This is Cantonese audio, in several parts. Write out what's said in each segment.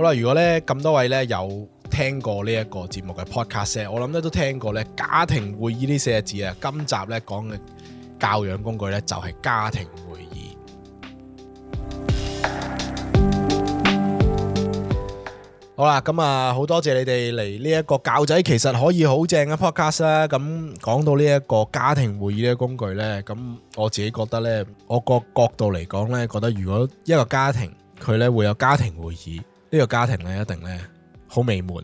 好啦，如果咧咁多位咧有聽過呢一個節目嘅 podcast，我諗咧都聽過咧家庭會議呢四字啊。今集咧講嘅教養工具咧就係家庭會議。好啦，咁啊好多謝你哋嚟呢一個教仔，其實可以好正嘅 podcast 啦。咁講到呢一個家庭會議呢個工具咧，咁我自己覺得咧，我個角度嚟講咧，覺得如果一個家庭佢咧會有家庭會議。呢個家庭咧，一定咧好美滿。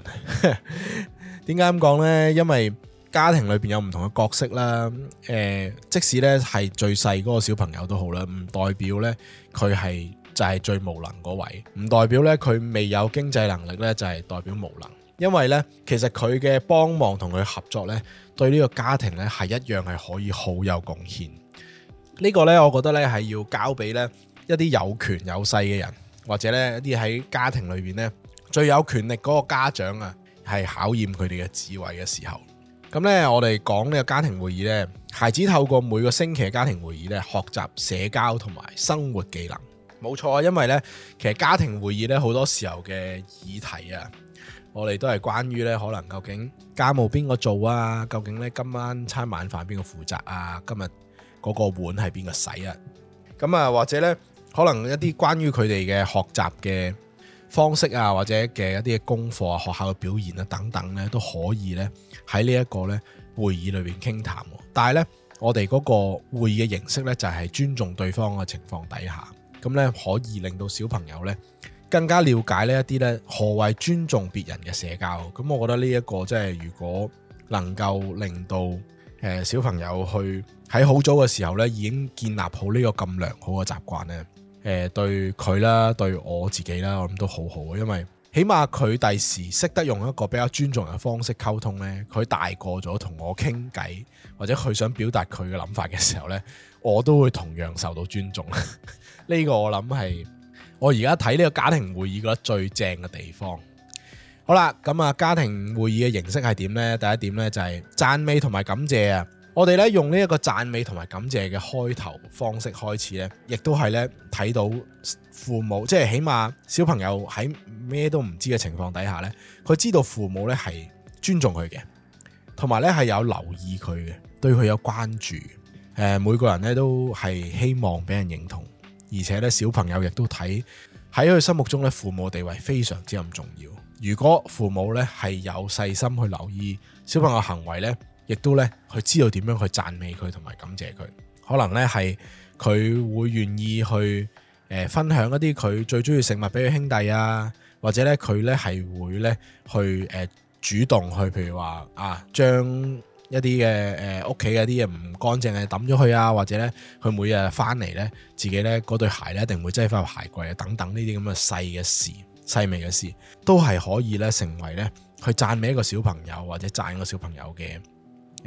點解咁講呢？因為家庭裏邊有唔同嘅角色啦。誒、呃，即使咧係最細嗰個小朋友都好啦，唔代表咧佢係就係最無能嗰位，唔代表咧佢未有經濟能力咧，就係代表無能。因為呢，其實佢嘅幫忙同佢合作咧，對呢個家庭咧係一樣係可以好有貢獻。呢個呢，我覺得咧係要交俾咧一啲有權有勢嘅人。或者咧一啲喺家庭裏邊咧最有權力嗰個家長啊，係考驗佢哋嘅智慧嘅時候。咁咧我哋講呢個家庭會議咧，孩子透過每個星期嘅家庭會議咧，學習社交同埋生活技能。冇錯啊，因為咧其實家庭會議咧好多時候嘅議題啊，我哋都係關於咧可能究竟家務邊個做啊？究竟咧今晚餐晚飯邊個負責啊？今日嗰個碗係邊個洗啊？咁啊或者咧？可能一啲關於佢哋嘅學習嘅方式啊，或者嘅一啲嘅功課啊、學校嘅表現啊等等咧，都可以咧喺呢一個咧會議裏邊傾談。但係咧，我哋嗰個會議嘅形式咧就係尊重對方嘅情況底下，咁咧可以令到小朋友咧更加了解呢一啲咧何謂尊重別人嘅社交。咁我覺得呢一個即係如果能夠令到誒小朋友去喺好早嘅時候咧已經建立好呢個咁良好嘅習慣咧。誒，對佢啦，對我自己啦，我諗都好好啊，因為起碼佢第時識得用一個比較尊重嘅方式溝通呢，佢大個咗同我傾偈，或者佢想表達佢嘅諗法嘅時候呢，我都會同樣受到尊重。呢 個我諗係我而家睇呢個家庭會議覺得最正嘅地方。好啦，咁啊，家庭會議嘅形式係點呢？第一點呢，就係讚美同埋感謝啊！我哋咧用呢一個讚美同埋感謝嘅開頭方式開始呢，亦都係咧睇到父母，即係起碼小朋友喺咩都唔知嘅情況底下呢，佢知道父母咧係尊重佢嘅，同埋呢係有留意佢嘅，對佢有關注。誒，每個人呢都係希望俾人認同，而且呢小朋友亦都睇喺佢心目中呢父母地位非常之咁重要。如果父母呢係有細心去留意小朋友行為呢。亦都咧，佢知道點樣去讚美佢同埋感謝佢。可能咧係佢會願意去誒分享一啲佢最中意食物俾佢兄弟啊，或者咧佢咧係會咧去誒主動去，譬如話啊，將一啲嘅誒屋企嘅啲嘢唔乾淨嘅抌咗佢啊，或者咧佢每日翻嚟咧，自己咧嗰對鞋咧一定會擠翻入鞋櫃啊，等等呢啲咁嘅細嘅事、細微嘅事，都係可以咧成為咧去讚美一個小朋友或者讚個小朋友嘅。誒，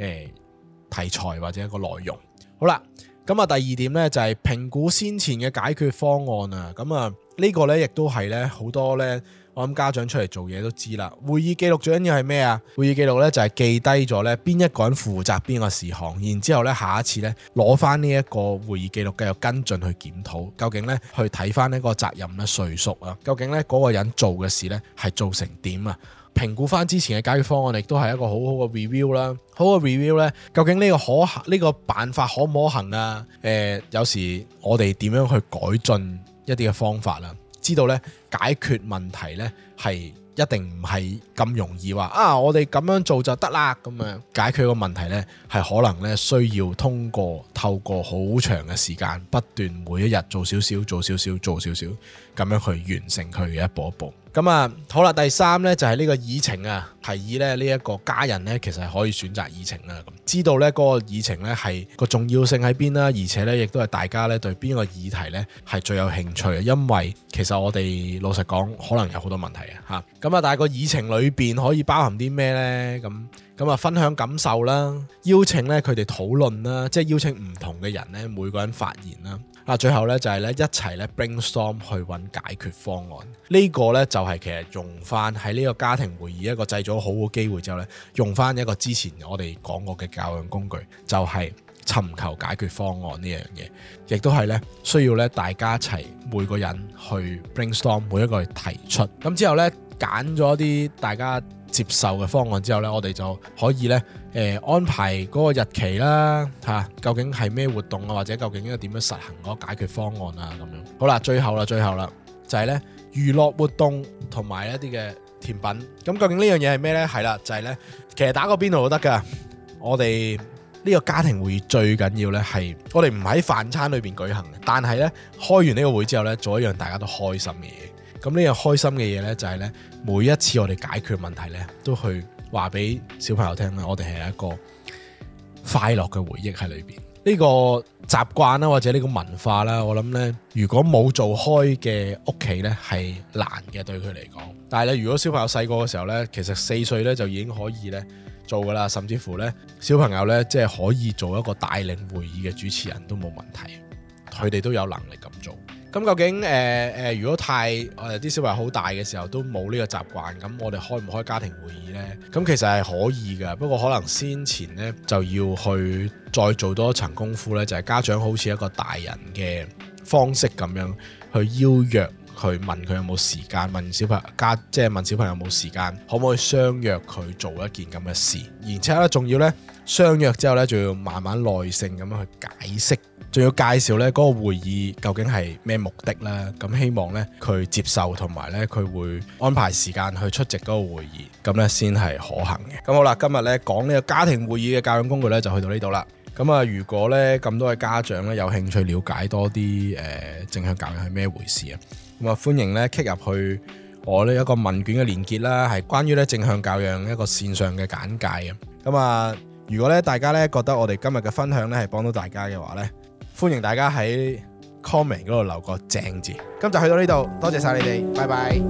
題材或者一個內容，好啦，咁啊，第二點呢，就係評估先前嘅解決方案啊，咁啊，呢個呢，亦都係呢好多呢。我諗家長出嚟做嘢都知啦。會議記錄最緊要係咩啊？會議記錄呢，就係記低咗呢邊一個人負責邊個事項，然之後呢下一次呢攞翻呢一個會議記錄，繼續跟進去檢討，究竟呢，去睇翻呢個責任呢誰屬啊？究竟呢嗰個人做嘅事呢，係做成點啊？評估翻之前嘅解決方案，亦都係一個很好好嘅 review 啦，好嘅 review 呢，究竟呢個可呢、這個辦法可唔可行啊？誒、呃，有時我哋點樣去改進一啲嘅方法啦？知道呢。解決問題呢，係一定唔係咁容易話啊，我哋咁樣做就得啦，咁樣解決個問題呢，係可能呢，需要通過透過好長嘅時間不斷每一日做少少做少少做少少，咁樣去完成佢嘅一步一步咁啊。好啦，第三呢，就係呢個議程啊係以呢一個家人呢，其實係可以選擇議程啦，咁知道呢個議程呢，係個重要性喺邊啦，而且呢，亦都係大家呢對邊個議題呢係最有興趣，因為其實我哋老實講，可能有好多問題嘅吓，咁啊，但係個議程裏邊可以包含啲咩呢？咁咁啊，分享感受啦，邀請咧佢哋討論啦，即係邀請唔同嘅人咧，每個人發言啦，啊，最後呢，就係咧一齊咧 brainstorm 去揾解決方案。呢個呢，就係其實用翻喺呢個家庭會議一個製造好嘅機會之後呢，用翻一個之前我哋講過嘅教養工具，就係。尋求解決方案呢樣嘢，亦都係呢，需要呢大家一齊每個人去 brainstorm，每一個去提出。咁之後呢，揀咗啲大家接受嘅方案之後呢，我哋就可以呢，呃、安排嗰個日期啦嚇、啊。究竟係咩活動啊？或者究竟應該點樣實行嗰個解決方案啊？咁樣好啦，最後啦，最後啦，就係呢，娛樂活動同埋一啲嘅甜品。咁究竟呢樣嘢係咩呢？係啦，就係、係、呢，其實打個邊爐都得㗎，我哋。呢個家庭會議最緊要呢，係，我哋唔喺飯餐裏面舉行。但係呢，開完呢個會之後呢，做一樣大家都開心嘅嘢。咁呢個開心嘅嘢呢，就係呢：每一次我哋解決問題呢，都去話俾小朋友聽。我哋係一個快樂嘅回憶喺裏面。呢個習慣啦，或者呢個文化啦，我諗呢，如果冇做開嘅屋企呢，係難嘅對佢嚟講。但係呢，如果小朋友細個嘅時候呢，其實四歲呢，就已經可以呢。做噶啦，甚至乎呢，小朋友呢，即係可以做一個帶領會議嘅主持人，都冇問題。佢哋都有能力咁做。咁究竟誒誒、呃呃，如果太我哋啲、呃、小朋友好大嘅時候都冇呢個習慣，咁我哋開唔開家庭會議呢？咁其實係可以噶，不過可能先前呢，就要去再做多一層功夫呢，就係、是、家長好似一個大人嘅方式咁樣去邀約。去問佢有冇時間，問小朋友家，即係問小朋友冇時間，可唔可以相約佢做一件咁嘅事？然後咧，仲要咧相約之後咧，仲要慢慢耐性咁樣去解釋，仲要介紹咧嗰個會議究竟係咩目的啦？咁希望咧佢接受同埋咧佢會安排時間去出席嗰個會議，咁咧先係可行嘅。咁好啦，今日咧講呢個家庭會議嘅教養工具咧就去到呢度啦。咁啊，如果咧咁多位家長咧有興趣了解多啲誒、呃、正向教養係咩回事啊？咁啊，歡迎咧 click 入去我呢一個問卷嘅連結啦，係關於咧正向教養一個線上嘅簡介嘅。咁啊，如果咧大家咧覺得我哋今日嘅分享咧係幫到大家嘅話咧，歡迎大家喺 comment 嗰度留個正字。今集去到呢度，多謝晒你哋，拜拜。